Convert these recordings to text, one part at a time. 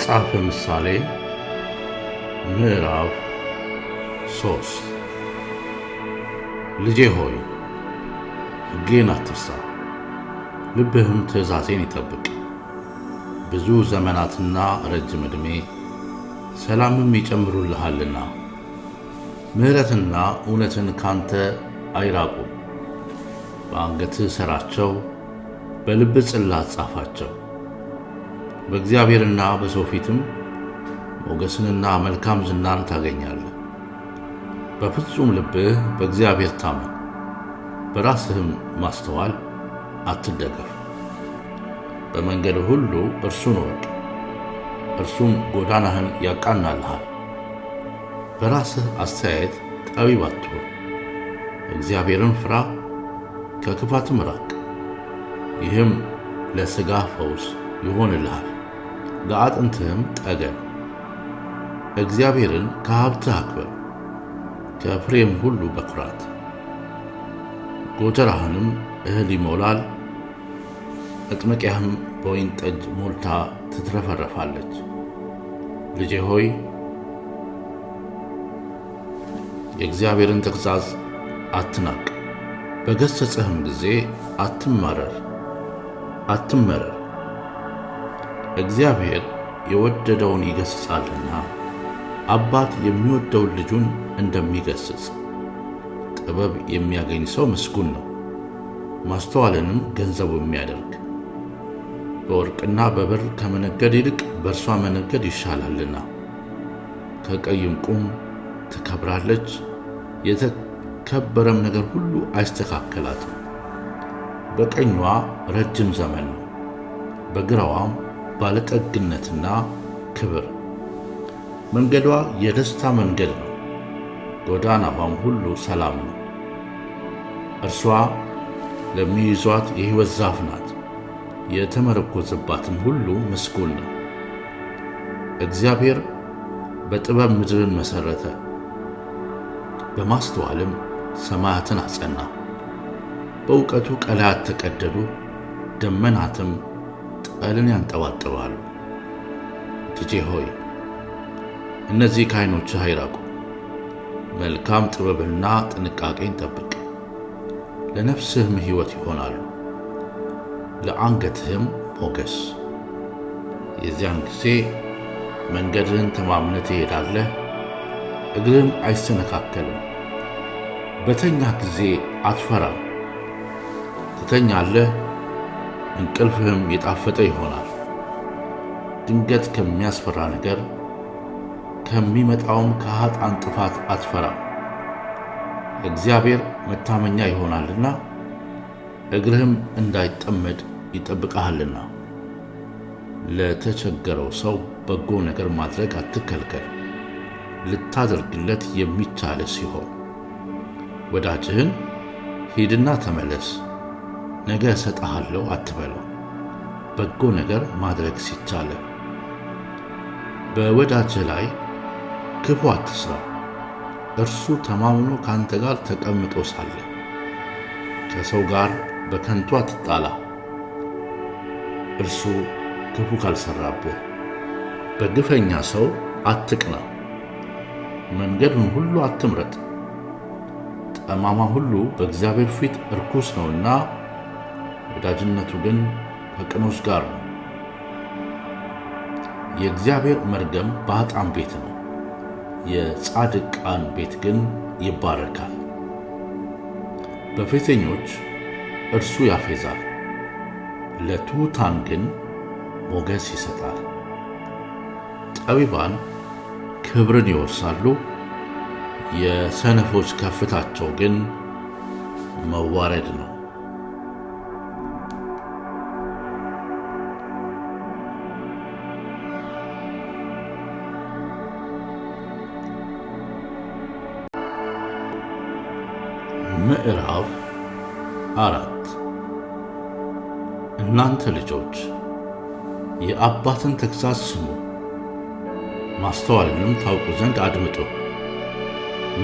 መጽሐፈ ምሳሌ ምዕራፍ ሶስት ልጄ ሆይ ሕጌን አትርሳ፣ ልብህም ትእዛዜን ይጠብቅ። ብዙ ዘመናትና ረጅም ዕድሜ ሰላምም ይጨምሩልሃልና፣ ምሕረትና እውነትን ካንተ አይራቁ። በአንገትህ ሠራቸው፣ በልብ ጽላት ጻፋቸው። በእግዚአብሔርና በሰው ፊትም ሞገስንና መልካም ዝናን ታገኛለህ። በፍጹም ልብህ በእግዚአብሔር ታመን፣ በራስህም ማስተዋል አትደገፍ። በመንገድ ሁሉ እርሱን ወቅ፣ እርሱም ጎዳናህን ያቃናልሃል። በራስህ አስተያየት ጠቢብ አትሁን፣ እግዚአብሔርን ፍራ፣ ከክፋትም ራቅ። ይህም ለሥጋ ፈውስ ይሆንልሃል። ለአጥንትህም ጠገብ። እግዚአብሔርን ከሀብትህ አክብር፣ ከፍሬም ሁሉ በኩራት ጎተራህንም እህል ይሞላል፣ መጥመቂያህም በወይን ጠጅ ሞልታ ትትረፈረፋለች። ልጄ ሆይ የእግዚአብሔርን ተግሣጽ አትናቅ፣ በገሠጸህም ጊዜ አትማረር አትመረር እግዚአብሔር የወደደውን ይገሥጻልና አባት የሚወደውን ልጁን እንደሚገሥጽ። ጥበብ የሚያገኝ ሰው ምስጉን ነው፣ ማስተዋልንም ገንዘቡ የሚያደርግ በወርቅና በብር ከመነገድ ይልቅ በእርሷ መነገድ ይሻላልና። ከቀይ ዕንቁም ትከብራለች፣ የተከበረም ነገር ሁሉ አይስተካከላትም። በቀኟ ረጅም ዘመን ነው፣ በግራዋም ባለጠግነትና ክብር። መንገዷ የደስታ መንገድ ነው፣ ጎዳናዋም ሁሉ ሰላም ነው። እርሷ ለሚይዟት የሕይወት ዛፍ ናት፣ የተመረኮዘባትም ሁሉ ምስጉን ነው። እግዚአብሔር በጥበብ ምድርን መሠረተ፣ በማስተዋልም ሰማያትን አጸና። በእውቀቱ ቀላያት ተቀደዱ፣ ደመናትም ቃልን ያንጠባጥባሉ። ልጄ ሆይ እነዚህ ከዓይኖችህ አይራቁ። መልካም ጥበብና ጥንቃቄን ጠብቅ፣ ለነፍስህም ሕይወት ይሆናሉ፣ ለአንገትህም ሞገስ። የዚያን ጊዜ መንገድህን ተማምነት ትሄዳለህ፣ እግርህም አይሰነካከልም። በተኛ ጊዜ አትፈራም፣ ትተኛለህ እንቅልፍህም የጣፈጠ ይሆናል። ድንገት ከሚያስፈራ ነገር ከሚመጣውም ከሀጣን ጥፋት አትፈራም። እግዚአብሔር መታመኛ ይሆናልና እግርህም እንዳይጠመድ ይጠብቅሃልና። ለተቸገረው ሰው በጎ ነገር ማድረግ አትከልከል፣ ልታደርግለት የሚቻል ሲሆን ወዳጅህን ሂድና ተመለስ ነገ እሰጥሃለሁ አትበለው። በጎ ነገር ማድረግ ሲቻለ በወዳጅህ ላይ ክፉ አትስራ፣ እርሱ ተማምኖ ካንተ ጋር ተቀምጦ ሳለ። ከሰው ጋር በከንቱ አትጣላ፣ እርሱ ክፉ ካልሰራብህ። በግፈኛ ሰው አትቅና፣ መንገዱን ሁሉ አትምረጥ። ጠማማ ሁሉ በእግዚአብሔር ፊት እርኩስ ነውና ወዳጅነቱ ግን ከቅኖች ጋር ነው። የእግዚአብሔር መርገም በአጣም ቤት ነው፣ የጻድቃን ቤት ግን ይባረካል። በፌተኞች እርሱ ያፌዛል፣ ለትሑታን ግን ሞገስ ይሰጣል። ጠቢባን ክብርን ይወርሳሉ፣ የሰነፎች ከፍታቸው ግን መዋረድ ነው። ምዕራፍ አራት እናንተ ልጆች የአባትን ተግሣጽ ስሙ፣ ማስተዋልንም ታውቁ ዘንድ አድምጡ።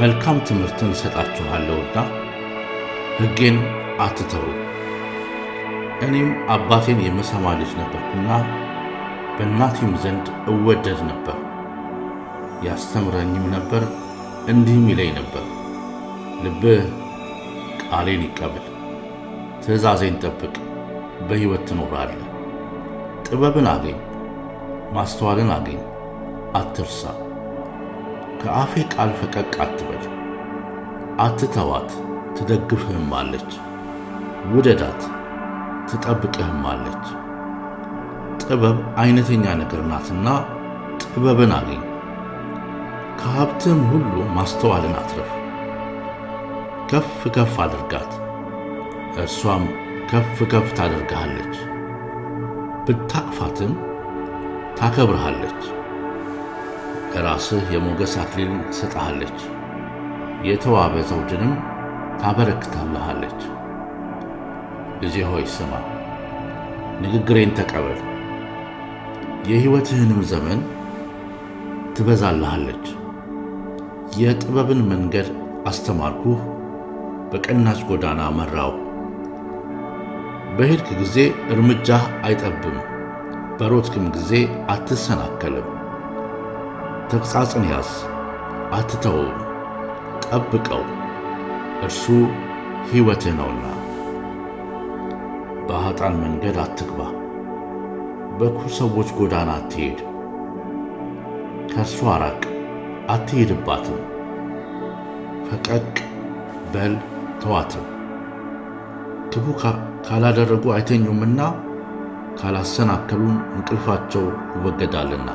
መልካም ትምህርትን እሰጣችኋለሁና ሕጌን አትተው። እኔም አባቴን የምሰማ ልጅ ነበርኩና በእናቴም ዘንድ እወደድ ነበር። ያስተምረኝም ነበር፣ እንዲህም ይለኝ ነበር ልብህ ቃሌን ይቀበል፣ ትእዛዜን ጠብቅ፣ በሕይወት ትኖራለህ። ጥበብን አገኝ፣ ማስተዋልን አገኝ፣ አትርሳ። ከአፌ ቃል ፈቀቅ አትበል፣ አትተዋት፣ ትደግፍህም አለች። ውደዳት፣ ትጠብቅህም አለች። ጥበብ አይነተኛ ነገር ናትና ጥበብን አገኝ፣ ከሀብትህም ሁሉ ማስተዋልን አትረፍ። ከፍ ከፍ አድርጋት፣ እርሷም ከፍ ከፍ ታደርግሃለች። ብታቅፋትም ታከብርሃለች። ራስህ የሞገስ አክሊል ትሰጥሃለች፣ የተዋበ ዘውድንም ታበረክታልሃለች። ልጄ ሆይ ስማ፣ ንግግሬን ተቀበል፣ የሕይወትህንም ዘመን ትበዛልሃለች። የጥበብን መንገድ አስተማርኩህ በቀናች ጎዳና መራው። በሄድክ ጊዜ እርምጃህ አይጠብም፣ በሮጥክም ጊዜ አትሰናከልም። ተግሣጽን ያዝ፣ አትተውም ጠብቀው፣ እርሱ ሕይወትህ ነውና። በኀጣን መንገድ አትግባ፣ በኩር ሰዎች ጎዳና አትሄድ። ከእርሷ ራቅ፣ አትሄድባትም። ፈቀቅ በል ተዋትም ክፉ ካላደረጉ አይተኙምና ካላሰናከሉን እንቅልፋቸው ይወገዳልና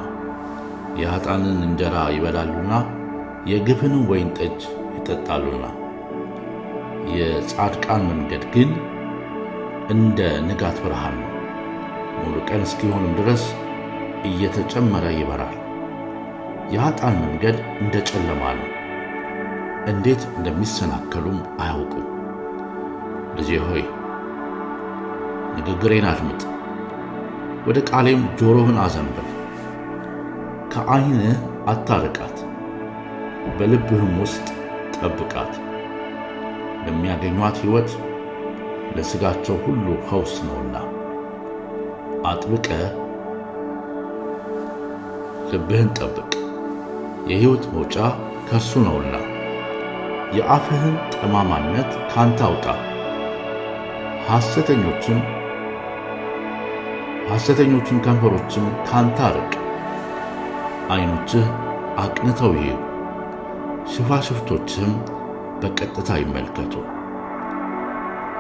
የኃጥአንን እንጀራ ይበላሉና የግፍንም ወይን ጠጅ ይጠጣሉና የጻድቃን መንገድ ግን እንደ ንጋት ብርሃን ነው። ሙሉ ቀን እስኪሆንም ድረስ እየተጨመረ ይበራል። የኃጥአን መንገድ እንደ ጨለማ ነው። እንዴት እንደሚሰናከሉም አያውቁም። ልጄ ሆይ ንግግሬን አድምጥ፣ ወደ ቃሌም ጆሮህን አዘንብል። ከአይን አታርቃት፣ በልብህም ውስጥ ጠብቃት። ለሚያገኟት ሕይወት ለሥጋቸው ሁሉ ፈውስ ነውና አጥብቀ ልብህን ጠብቅ፣ የሕይወት መውጫ ከእርሱ ነውና። የአፍህን ጠማማነት ካንተ አውጣ። ሐሰተኞችን ሐሰተኞችን ከንፈሮችን ካንተ አርቅ። ዓይኖችህ አቅንተው ይዩ፣ ሽፋሽፍቶችህም በቀጥታ ይመልከቱ።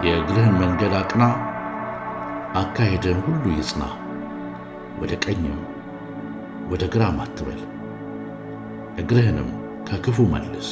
የእግርህን መንገድ አቅና፣ አካሄደን ሁሉ ይጽና። ወደ ቀኝም ወደ ግራም አትበል፣ እግርህንም ከክፉ መልስ።